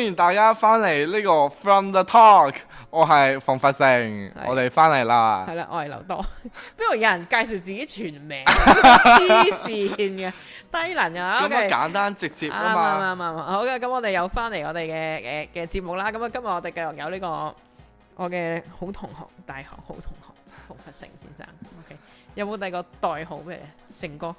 歡迎大家翻嚟呢個 From The Talk，我係馮佛成是，我哋翻嚟啦，係啦，我係劉多，邊 度有人介紹自己全名，黐線嘅低能嘅，點解麼 Okay 簡單直接啊嘛，啱啱啱好嘅，咁我哋又翻嚟我哋嘅嘅嘅節目啦，咁啊今日我哋繼續有呢、這個我嘅好同學，大學好同學馮佛成先生，OK，有冇第二個代號咩？成哥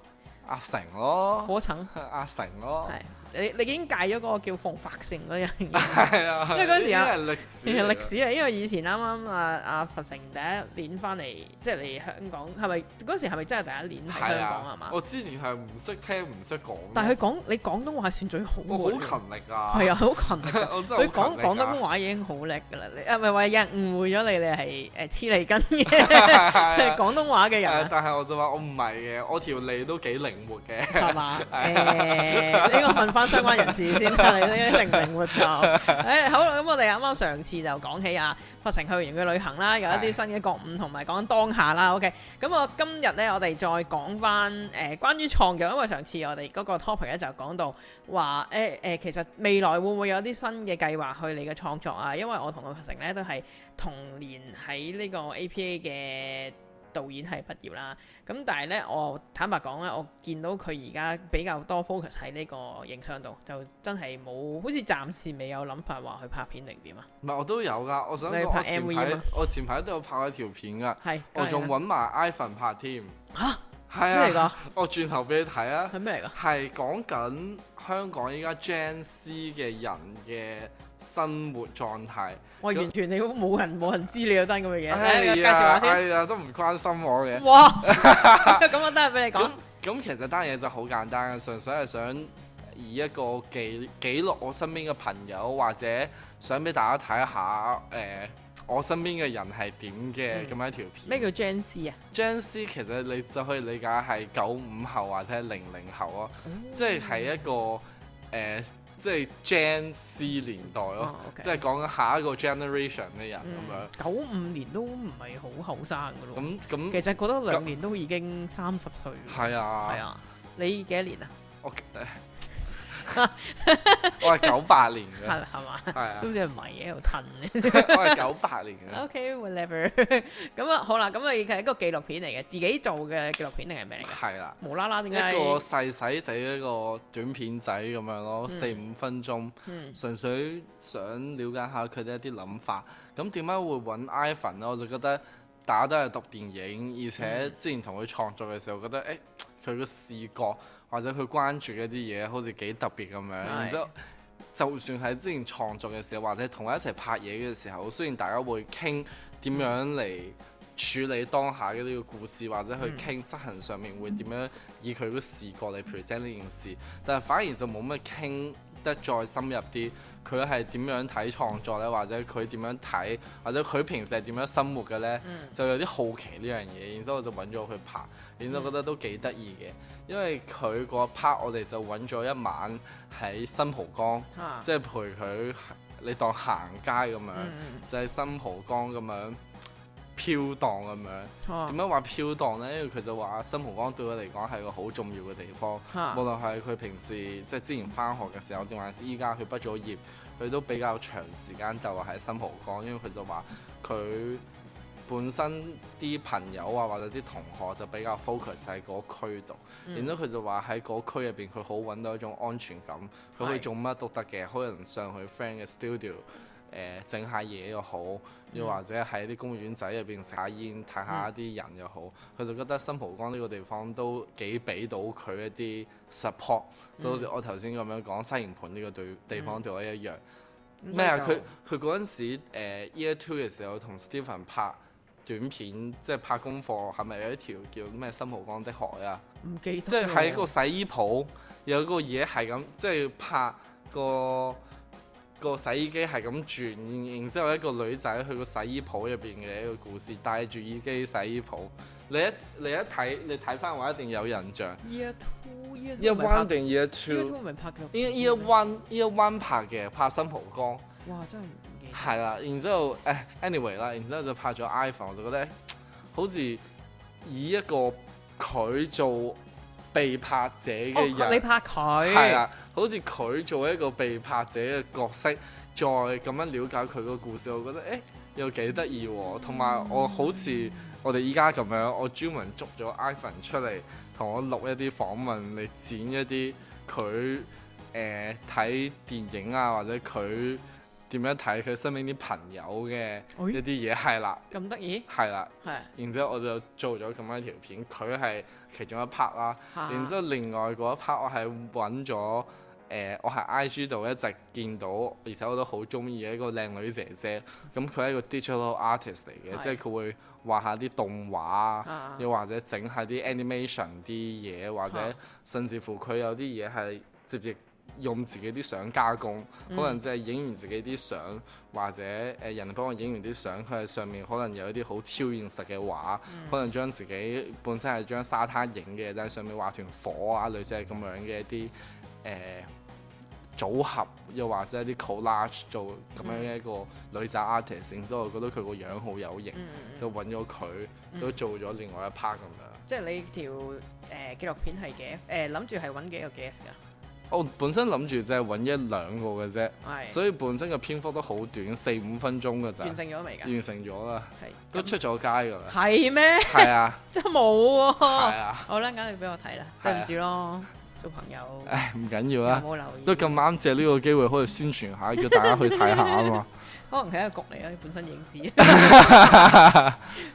阿成咯，阿成層阿成咯，係。你你已經戒咗嗰個叫馮佛成嗰樣嘢， 因為嗰陣時啊，歷史史啊，因為以前啱啱啊啊佛成第一年翻嚟，即係嚟香港，係咪嗰陣時係咪真係第一年嚟香港係嘛？啊、嗎我之前係唔識聽唔識講，但係佢講你廣東話算最好好勤力啊，係啊好勤力，佢講廣東話已經好叻㗎啦，你係咪話有人誤會咗你哋係誒黐脷根嘅、 啊、 廣東話嘅人、啊，但係我就話我唔係嘅，我條脷都幾靈活嘅，係嘛？呢個文化。相關 人士先啦，你呢？零零活就，誒，好啦，咁我哋啱啱上次就講起啊，佛成去完嘅旅行啦，有一啲新嘅覺悟，同埋講當下啦。OK，咁我今日咧，我哋再講翻誒，關於創作，因為上次我哋嗰個 topic 咧就講到話，誒、呃、誒、呃，其實未來會唔會有啲新嘅計劃去你嘅創作啊？因為我同阿佛成咧都係同年喺呢個 APA 嘅。導演係畢業啦，咁但係咧，我坦白講咧，我見到佢而家比較多 focus 喺呢個影相度，就真係冇好似暫時未有諗法話去拍片定點啊。唔係我都有㗎，我想你拍 MV，我前排都有拍一條片㗎，我仲揾埋 iPhone 拍添。嚇，係啊，咩嚟㗎我轉頭俾你睇啊。係咩嚟㗎？係講緊香港依家 Gen Z 嘅人嘅生活狀態，我完全你冇人冇那人，人知你有單咁嘅嘢。哎、呀介紹下先，係啊、哎，都唔關心我嘅。哇，咁我單俾你講。咁其實單嘢就好簡單，純粹係想以一個記記錄我身邊嘅朋友，或者想俾大家睇下，誒、呃，我身邊嘅人係點嘅咁樣一條片。咩叫 Gen Z 啊？Gen Z 其實你就可以理解係九五後或者係零零後咯，即係喺一個誒。呃即係 Gen C 年代咯，oh, okay. 即係講緊下一個 generation 嘅人咁、嗯、樣。九五年都唔係好後生噶咯，咁咁其實過多兩年都已經三十歲。係那啊，係啊，你幾多年啊？我、okay. 我係九八年嘅，係係嘛，都好似係米喺度吞咧。是是 我係九八年嘅 Okay, whatever. OK, whatever，咁啊好啦，咁啊係一個紀錄片嚟嘅自己做嘅紀錄片定係咩？係啦、啊，無啦啦點解一個細細地一個短片仔咁樣咯，四五、嗯、分鐘，純、嗯、粹想了解下佢哋一啲諗法。咁點解會揾 Ivan 呢？我就覺得大家都係讀電影，而且之前同佢創作嘅時候，覺得誒佢嘅視覺。或者佢關注嘅一啲嘢，好似幾特別咁樣。的然之後，就算係之前創作嘅時候，或者同佢一齊拍嘢嘅時候，雖然大家會傾點樣嚟處理當下嘅呢個故事，或者去傾執行上面會點樣以佢嘅視角嚟 present 呢件事，但係反而就冇乜傾得再深入啲，佢係點樣睇創作呢？或者佢點樣睇？或者佢平時係點樣生活嘅呢？嗯、就有啲好奇呢樣嘢，然之後我就揾咗佢拍，然之後覺得都幾得意嘅。因為佢個 part，我哋就揾咗一晚喺新浦江，即係、啊、陪佢，你當行街咁樣，就喺、是、新浦江咁樣。漂盪咁樣，點解話漂盪呢？因為佢就話新蒲崗對佢嚟講係個好重要嘅地方。Huh. 無論係佢平時即係、就是、之前翻學嘅時候，定還是依家佢畢咗業，佢都比較長時間就係喺新蒲崗。因為佢就話佢本身啲朋友啊，或者啲同學就比較 focus 喺嗰區度。Mm. 然之後佢就話喺嗰區入邊，佢好揾到一種安全感。佢、mm. 可以做乜都得嘅，可以 Yes. 能上去 friend 嘅 studio。誒、呃、整下嘢又好，又或者喺啲公園仔入邊食下煙睇下啲人又好，佢、嗯、就覺得新蒲崗呢個地方都幾俾到佢一啲 support，嗯、就好似我頭先咁樣講西營盤呢個對地方度一樣。咩、嗯、啊？佢佢嗰陣時、呃、year two 嘅時候同 Stephen 拍短片，即係拍功課，係咪有一條叫咩新蒲崗的海啊？唔記得。即係喺個洗衣鋪有個嘢係咁，即係拍個。個洗衣機係咁轉，然之後一個女仔去個洗衣鋪入邊嘅一個故事，戴住耳機洗衣鋪。你一你一睇，你睇翻話一定有印象。Year two，year one 定 year two？year two 咪拍嘅？依一一 one 依一 one 拍嘅，拍新蒲崗。哇，真係。係啦，anyway, 然之後誒，anyway 啦，然之後就拍咗 iPhone，就覺得好似以一個佢做。被拍者嘅人、哦，你拍佢係啊，好似佢做一個被拍者嘅角色，再咁樣了解佢個故事，我覺得誒、欸、又幾得意喎。同埋、嗯、我好似我哋依家咁樣，我專門捉咗 Ivan 出嚟，同我錄一啲訪問，嚟剪一啲佢誒睇電影啊，或者佢。點樣睇佢身邊啲朋友嘅一啲嘢係啦，咁得意，係啦了，係。了啊、然之後我就做咗咁樣一條片，佢係其中一 part 啦。啊、然之後另外嗰一 part 我係揾咗，誒、呃、我喺 IG 度一直見到，而且我都好中意嘅一個靚女姐姐。咁佢係一個 digital artist 嚟嘅，啊、即係佢會畫下啲動畫，又、啊、或者整下啲 animation 啲嘢，或者甚至乎佢有啲嘢係直接，用自己啲相加工，嗯、可能即係影完自己啲相，或者誒、呃、人幫我影完啲相，佢喺上面可能有一啲好超現實嘅畫，嗯、可能將自己本身係將沙灘影嘅，但係上面畫團火啊，類似咁樣嘅一啲誒、呃、組合，又或者一啲 collage 做咁樣嘅一個女仔 artist，然之後、嗯、覺得佢個樣好有型，嗯嗯、就揾咗佢都做咗另外一 part 咁、嗯、樣。即係你條誒、呃、紀錄片係幾誒，諗住係揾幾個 guest 噶？我本身諗住即係搵一兩個嘅啫，所以本身嘅篇幅都好短，四五分鐘嘅咋。完成咗未？完成咗啦，都出咗街噶啦。係咩？係啊，真係冇。係啊，好啦，梗係俾我睇啦，對唔住咯，做朋友。唉，唔緊要啊，冇留意。都咁啱借呢個機會可以宣傳下，叫大家去睇下啊嘛。可能係一個局嚟啊，本身影子。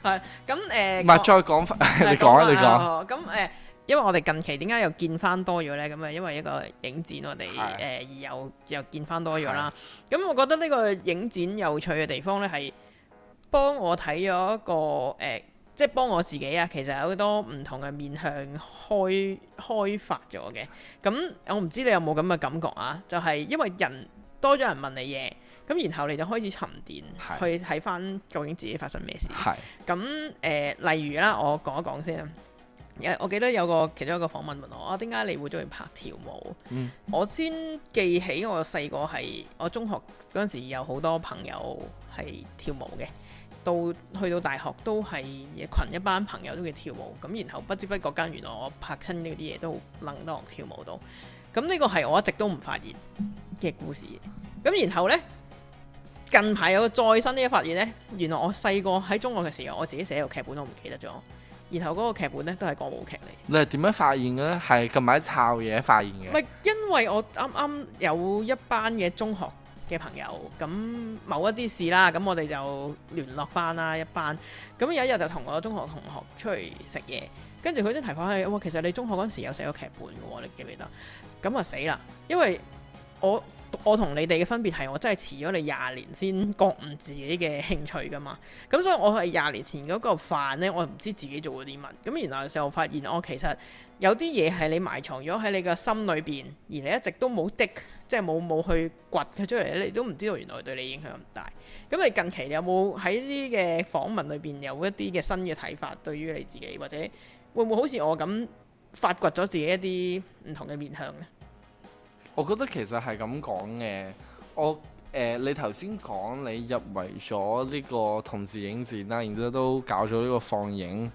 係咁誒，唔係再講翻，你講啊，你講。咁誒。因為我哋近期點解又見翻多咗呢？咁啊，因為一個影展我，我哋誒又又見翻多咗啦。咁的我覺得呢個影展有趣嘅地方呢，係幫我睇咗一個誒、呃，即係幫我自己啊，其實有好多唔同嘅面向開開發咗嘅。咁我唔知你有冇咁嘅感覺啊？就係、是、因為人多咗人問你嘢，咁然後你就開始沉澱的去睇翻究竟自己發生咩事。咁誒的、呃，例如啦，我講一講先啊。我記得有個其中一個訪問問我啊，點解你會中意拍跳舞？嗯、我先記起我細個係我中學嗰陣時有好多朋友係跳舞嘅，到去到大學都係群一班朋友都中意跳舞。咁然後不知不覺間，原來我拍親呢啲嘢都楞到跳舞到。咁呢個係我一直都唔發現嘅故事。咁然後呢，近排有個再新啲嘅發現呢：原來我細個喺中學嘅時候，我自己寫個劇本都唔記得咗。然後嗰個劇本咧都係歌舞劇嚟。你係點樣發現嘅咧？係近排一嘢發現嘅。唔係，因為我啱啱有一班嘅中學嘅朋友，咁某一啲事啦，咁我哋就聯絡翻啦一班。咁有一日就同我中學同學出去食嘢，跟住佢都提翻起我，其實你中學嗰陣時有寫過劇本嘅喎，你記唔記得？咁啊，死啦，因為。我我同你哋嘅分別係，我真係遲咗你廿年先覺悟自己嘅興趣噶嘛。咁所以我係廿年前嗰個飯咧，我唔知自己做過啲乜。咁原來嘅時候發現，我其實有啲嘢係你埋藏咗喺你嘅心裏邊，而你一直都冇 tick 即係冇冇去掘佢出嚟，你都唔知道原來對你影響咁大。咁你近期有冇喺呢啲嘅訪問裏邊有一啲嘅新嘅睇法，對於你自己或者會唔會好似我咁發掘咗自己一啲唔同嘅面向呢？我覺得其實係咁講嘅，我誒、呃、你頭先講你入圍咗呢個同志影展啦，然之後都搞咗呢個放映。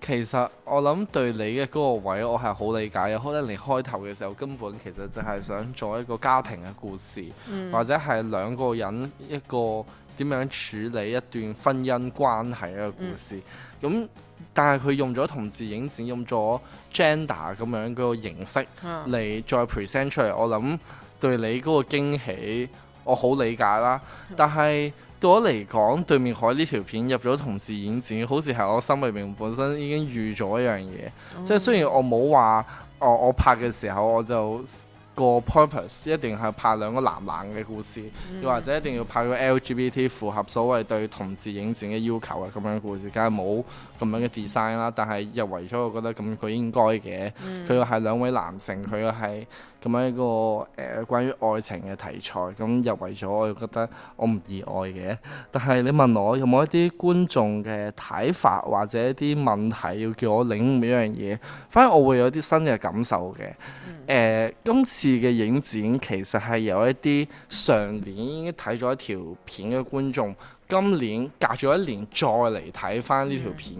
其實我諗對你嘅嗰個位，我係好理解嘅。可能你開頭嘅時候根本其實就係想做一個家庭嘅故事，嗯、或者係兩個人一個點樣處理一段婚姻關係嘅故事。咁、嗯嗯但係佢用咗同志影展，用咗 gender 咁樣嗰個形式嚟再 present 出嚟，我諗對你嗰個驚喜，我好理解啦。但係對我嚟講，對面海呢條片入咗同志影展，好似係我心裏面本身已經預咗一樣嘢。嗯、即係雖然我冇話，我我拍嘅時候我就個 purpose 一定係拍兩個男男嘅故事，mm hmm. 又或者一定要拍個 LGBT 符合所謂對同志影展嘅要求啊。咁樣嘅故事，梗係冇咁樣嘅 design 啦。Mm hmm. 但係入圍咗，我覺得咁佢應該嘅，佢又係兩位男性，佢又係。咁樣一個誒、呃，關於愛情嘅題材，咁入圍咗，我覺得我唔意外嘅。但係你問我有冇一啲觀眾嘅睇法，或者一啲問題要叫我領悟一樣嘢，反而我會有啲新嘅感受嘅。誒、嗯呃，今次嘅影展其實係有一啲上年已經睇咗一條片嘅觀眾，今年隔咗一年再嚟睇翻呢條片，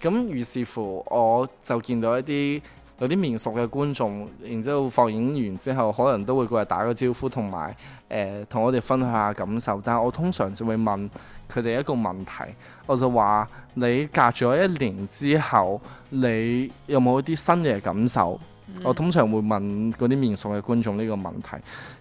咁、嗯、於是乎我就見到一啲有啲面熟嘅觀眾，然之後放映完之後，可能都會過嚟打個招呼，同埋誒同我哋分享下感受。但係我通常就會問佢哋一個問題，我就話：你隔咗一年之後，你有冇啲新嘅感受？Mm hmm. 我通常會問嗰啲面熟嘅觀眾呢個問題。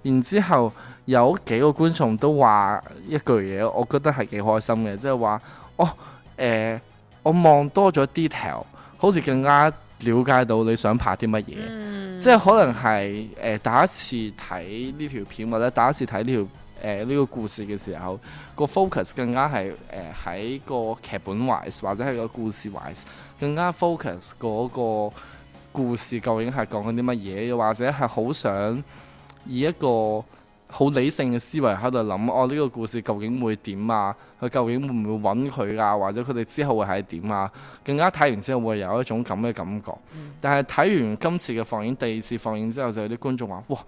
然之後有幾個觀眾都話一句嘢，我覺得係幾開心嘅，即係話：哦，誒、呃，我望多咗 detail，好似更加，了解到你想拍啲乜嘢，嗯、即係可能係誒、呃、第一次睇呢條片或者第一次睇呢條誒呢個故事嘅時候，個 focus 更加係誒喺個劇本 wise 或者係個故事 wise 更加 focus 嗰個故事究竟係講緊啲乜嘢，又或者係好想以一個。好理性嘅思維喺度諗，我呢、哦呢個故事究竟會點啊？佢究竟會唔會揾佢啊？或者佢哋之後會係點啊？更加睇完之後會有一種咁嘅感覺。但係睇完今次嘅放映，第二次放映之後就有啲觀眾話：「哇，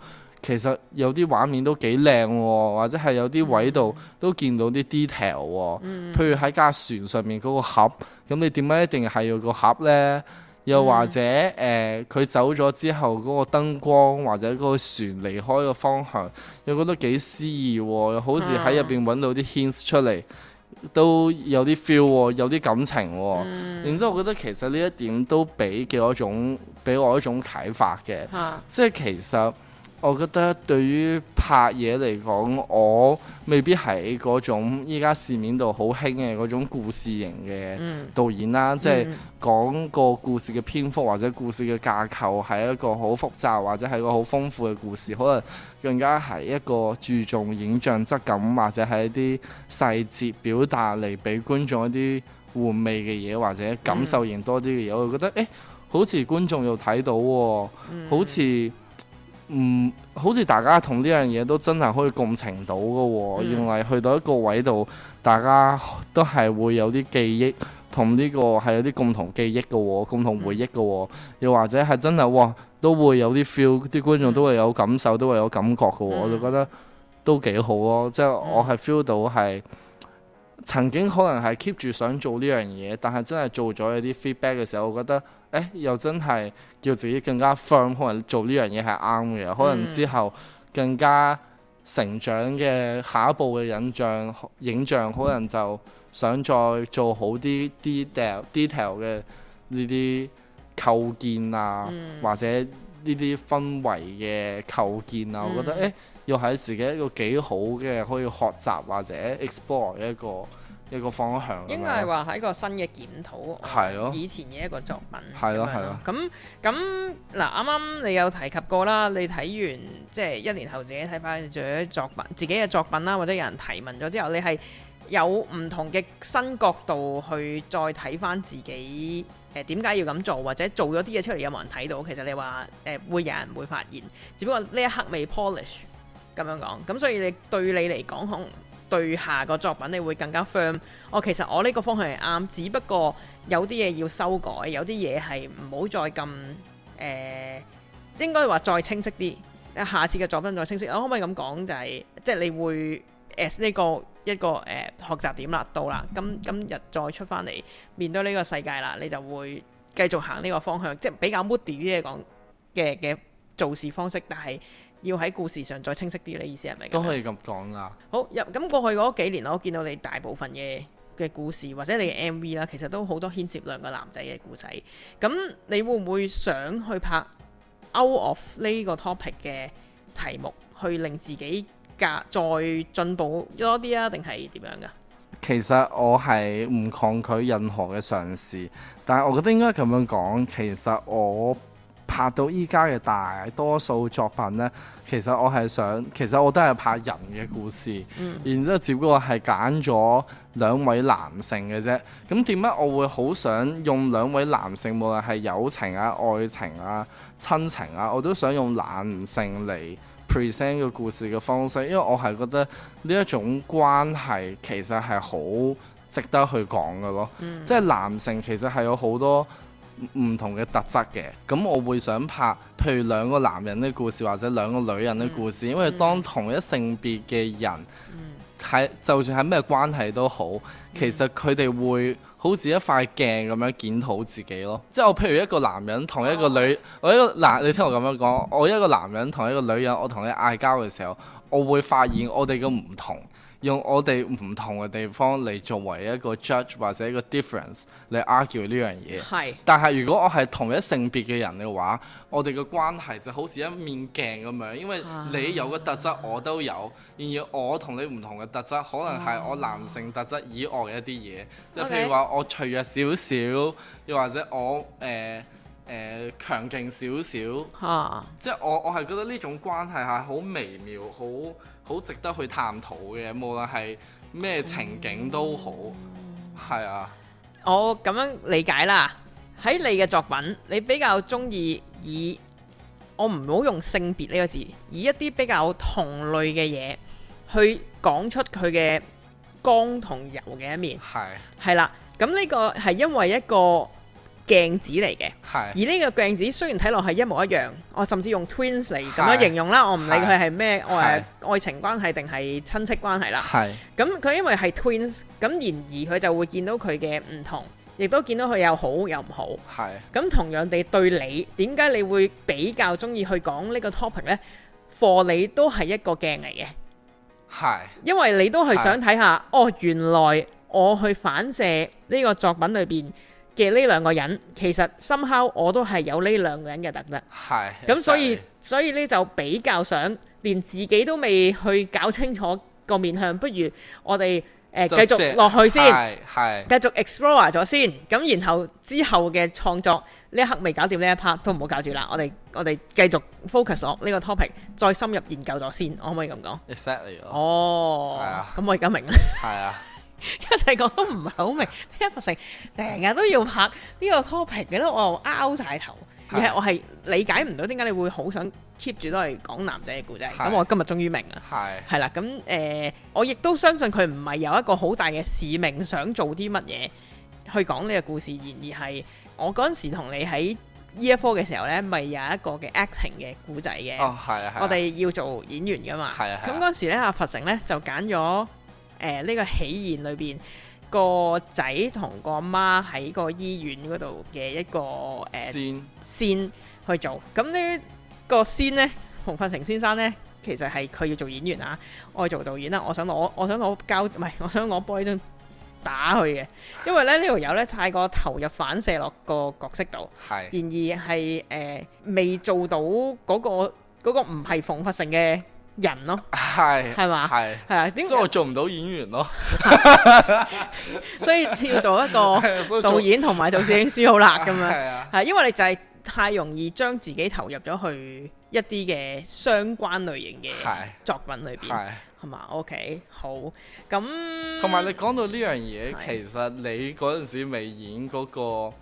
其實有啲畫面都幾靚、喎，或者係有啲位度都見到啲 detail、喎。嗯、mm。Hmm. 譬如喺架船上面嗰個盒，咁你點解一定係要個盒呢？」又或者誒，佢、呃、走咗之後嗰、嗰個燈光，或者嗰個船離開嘅方向，又覺得幾詩意喎，又好似喺入邊揾到啲 hints 出嚟，都有啲 feel，、哦、有啲感情喎、哦。然之後，我覺得其實呢一點都俾幾一種，俾我一種啟發嘅。啊、即係其實。我覺得對於拍嘢嚟講，我未必係嗰種依家市面度好興嘅嗰種故事型嘅導演啦，即係、嗯嗯、講個故事嘅篇幅或者故事嘅架構係一個好複雜或者係一個好豐富嘅故事，可能更加係一個注重影像質感或者係一啲細節表達嚟俾觀眾一啲回味嘅嘢或者感受型多啲嘅嘢，嗯、我就覺得誒、欸，好似觀眾又睇到、哦，嗯、好似。嗯，好似大家同呢樣嘢都真係可以共情到嘅喎、哦，原來、嗯、去到一個位度，大家都係會有啲記憶，同呢個係有啲共同記憶嘅喎、哦，共同回憶嘅喎、哦，嗯、又或者係真係哇都會有啲 feel，啲觀眾都、嗯、都會有感受，都會有感覺嘅喎、哦，嗯、我就覺得都幾好咯，即、就、係、是、我係 feel 到係曾經可能係 keep 住想做呢樣嘢，但係真係做咗有啲 feedback 嘅時候，我覺得。誒又真係叫自己更加 firm，可能做呢樣嘢係啱嘅，嗯、可能之後更加成長嘅下一步嘅印象影像，影像嗯、可能就想再做好啲、嗯、detail detail 嘅呢啲構建啊，嗯、或者呢啲氛圍嘅構建啊，嗯、我覺得誒要喺自己一個幾好嘅可以學習或者 explore 一個。一個方向，應該係話係一個新嘅檢討，的以前嘅一個作品，係咯，係咯。咁咁嗱，啱啱你有提及過啦。你睇完即係一年後自己睇翻自己作品，自己嘅作品啦，或者有人提問咗之後，你係有唔同嘅新角度去再睇翻自己誒，點解要咁做，或者做咗啲嘢出嚟有冇人睇到？其實你話誒、呃、會有人會發現，只不過呢一刻未 polish 咁樣講。咁所以你對你嚟講，可能。對下個作品，你會更加 firm。我、哦、其實我呢個方向係啱，只不過有啲嘢要修改，有啲嘢係唔好再咁誒、呃，應該話再清晰啲。下次嘅作品再清晰。我可唔可以咁講，就係、是、即係你會 as 呢、呃這個一個誒、呃、學習點啦，到啦今今日再出翻嚟面對呢個世界啦，你就會繼續行呢個方向，即係比較 moody 啲嘢講嘅嘅做事方式，但係。要喺故事上再清晰啲，你意思係咪？都可以咁講㗎。好，咁過去嗰幾年我見到你大部分嘅嘅故事或者你嘅 MV 啦，其實都好多牽涉兩個男仔嘅故仔。咁你會唔會想去拍 out of 呢個 topic 嘅題目，去令自己格再進步多啲啊？定係點樣㗎？其實我係唔抗拒任何嘅嘗試，但係我覺得應該咁樣講，其實我。拍到依家嘅大多數作品呢，其實我係想，其實我都係拍人嘅故事，嗯、然之後只不過係揀咗兩位男性嘅啫。咁點解我會好想用兩位男性，無論係友情啊、愛情啊、親情啊，我都想用男性嚟 present 個故事嘅方式，因為我係覺得呢一種關係其實係好值得去講㗎咯。嗯、即係男性其實係有好多。唔同嘅特質嘅，咁我會想拍，譬如兩個男人嘅故事或者兩個女人嘅故事，因為當同一性別嘅人，係、mm hmm. 就算係咩關係都好，其實佢哋會好似一塊鏡咁樣檢討自己咯。即係我譬如一個男人同一個女，oh. 我一個男，你聽我咁樣講，我一個男人同一個女人，我同你嗌交嘅時候，我會發現我哋嘅唔同。用我哋唔同嘅地方嚟作為一個 judge 或者一個 difference 嚟 argue 呢樣嘢。係是。但係如果我係同一性別嘅人嘅話，我哋嘅關係就好似一面鏡咁樣，因為你有個特質我都有，然而我同你唔同嘅特質可能係我男性特質以外嘅一啲嘢，哦、即係譬如話我脆弱少少，又或者我誒誒、呃呃、強勁少少。啊、即係我我係覺得呢種關係係好微妙，好。好值得去探討嘅，無論係咩情景都好，係啊。我咁樣理解啦。喺你嘅作品，你比較鍾意，以我唔好用性別呢個字，以一啲比較同類嘅嘢，去講出佢嘅剛同柔嘅一面。係係啦，咁呢、啊、個係因為一個。鏡子嚟嘅，是而呢個鏡子雖然睇落係一模一樣，我甚至用 twins 嚟咁樣是形容啦，我唔理佢係咩，我係是愛情關係定係親戚關係啦。係咁是，佢因為係 twins，咁然而佢就會見到佢嘅唔同，亦都見到佢有好有唔好。係咁是，同樣地對你，點解你會比較鍾意去講個呢個 topic 呢？for 你都係一個鏡嚟嘅，係是因為你都係想睇下，是哦，原來我去反射呢個作品裏邊嘅呢兩個人其實 somehow，我都係有呢兩個人嘅特質。係的。咁所以錯所以呢就比較想，連自己都未去搞清楚個面向，不如我哋誒、呃、式繼續落去先，係的。繼續 explore 咗先，咁的然後之後嘅創作呢一刻未搞掂呢一 part，都唔好搞住啦。我哋我哋繼續 focus 喎呢個 topic，再深入研究咗先，可唔可以咁講 exactly 哦。係啊的。咁我而家明啦。係啊。 一齊講都唔係好明，阿佛成成日都要拍呢個 topic 嘅咧，我又拗晒頭，是的 而係我係理解唔到點解你會好想 keep 住都係講男仔嘅故仔，咁是的 我今日終於明啦，係啦是的，咁、呃、誒，我亦都相信佢唔係有一個好大嘅使命想做啲乜嘢去講呢個故事，然而係我嗰陣時同你喺 E.F.O. 嘅時候呢，咪有一個嘅 acting 嘅故仔嘅，我哋要做演員噶嘛，咁嗰陣時咧阿佛成呢就揀咗。誒呢、呃，這個喜宴裏邊個仔同個媽喺個醫院嗰度嘅一個誒仙、呃、線去做，咁呢個線呢，馮佛成先生呢，其實係佢要做演員啊，我做導演啦、啊，我想攞我想攞膠唔係我想攞玻璃樽打佢嘅，因為咧呢條友 呢，太過投入反射落個角色度，是然而係誒、呃、未做到嗰、那個唔係、那個、馮佛成嘅。人咯，係係嘛，係係啊，點解我做唔到演員咯， 所以要做一個導演同埋做攝影師好叻咁樣，係、 啊、因為你就係太容易將自己投入咗去一啲嘅相關類型嘅作品裏邊，係嘛是，OK 好咁。同埋你講到呢樣嘢，是其實你嗰陣時未演嗰、那個。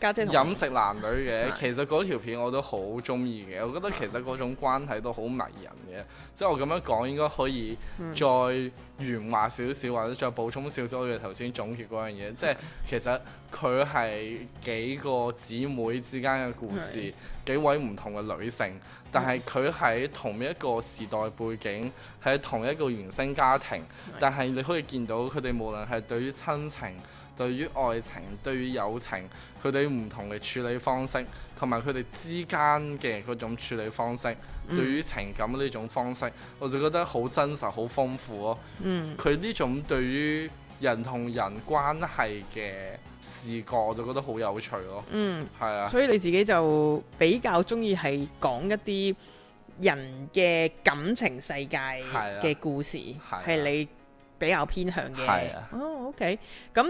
家姐，飲食男女嘅， 其實嗰條片我都好中意嘅， 我覺得其實嗰種關係都好迷人嘅。 即係我咁樣講，應該可以再圓滑少少，或者再補充少少我哋頭先總結嗰樣嘢。 即係其實佢係幾個姊妹之間嘅故事， 幾位唔同嘅女性，但係佢喺同一個時代背景，喺同一個原生家庭，但係你可以見到佢哋無論係對於親情，對於愛情、對於友情，佢哋唔同嘅處理方式，同埋佢哋之間嘅嗰種處理方式，嗯、對於情感呢種方式，我就覺得好真實、好豐富咯、哦。嗯，佢呢種對於人同人關係嘅視覺，我就覺得好有趣咯、哦。嗯，係啊。所以你自己就比較鍾意係講一啲人嘅感情世界嘅故事，係、啊啊、你。比較偏向嘅哦、啊 oh,，OK，咁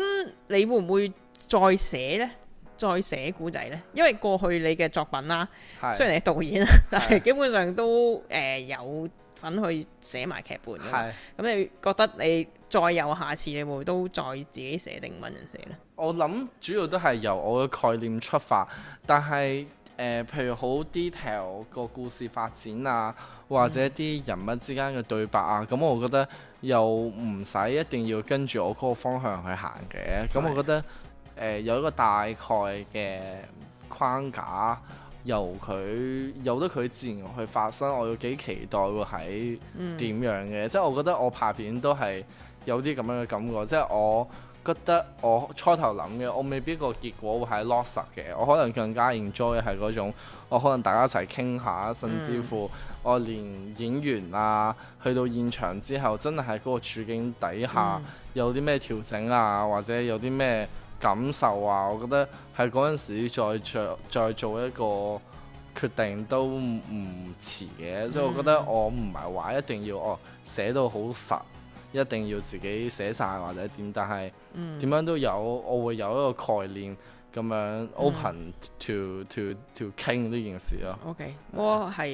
你會唔會再寫呢？再寫古仔呢？因為過去你嘅作品啦，啊、雖然你係導演啊，但係基本上都誒有份去寫埋劇本嘅。咁、啊、你覺得你再有下次，你會唔會都再自己寫定揾人寫呢？我諗主要都係由我嘅概念出發，但係。呃、譬如好 detail 個故事發展啊，或者啲人物之間嘅對白啊，咁、嗯、我覺得又唔使一定要跟住我嗰個方向去行嘅，咁、嗯、我覺得、呃、有一個大概嘅框架，由佢由得佢自然去發生，我有幾期待會係點樣嘅？嗯、即係我覺得我拍片都係有啲咁樣嘅感覺，即係我。覺得我初頭諗嘅，我未必個結果會係落實嘅。我可能更加 enjoy 係嗰種，我可能大家一齊傾下，甚至乎我連演員啊，去到現場之後，真係喺嗰個處境底下、嗯、有啲咩調整啊，或者有啲咩感受啊，我覺得喺嗰陣時再做再做一個決定都唔遲嘅。嗯、所以，我覺得我唔係話一定要哦寫到好實。一定要自己寫晒或者點，但係點樣都有，嗯、我會有一個概念咁樣 open to、嗯、to to 傾呢件事咯。OK，我係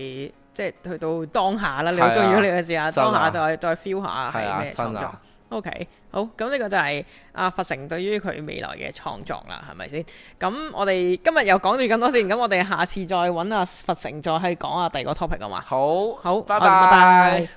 即係去到當下啦，你好鍾意你嘅事啊，當下再再 feel 下係咩、啊、創作。啊、OK，好，咁呢個就係阿、啊、佛成對於佢未來嘅創作啦，係咪先？咁我哋今日又講住咁多先，咁我哋下次再揾阿、啊、佛成再係講下第二個 topic 啊嘛。好好，好，拜拜。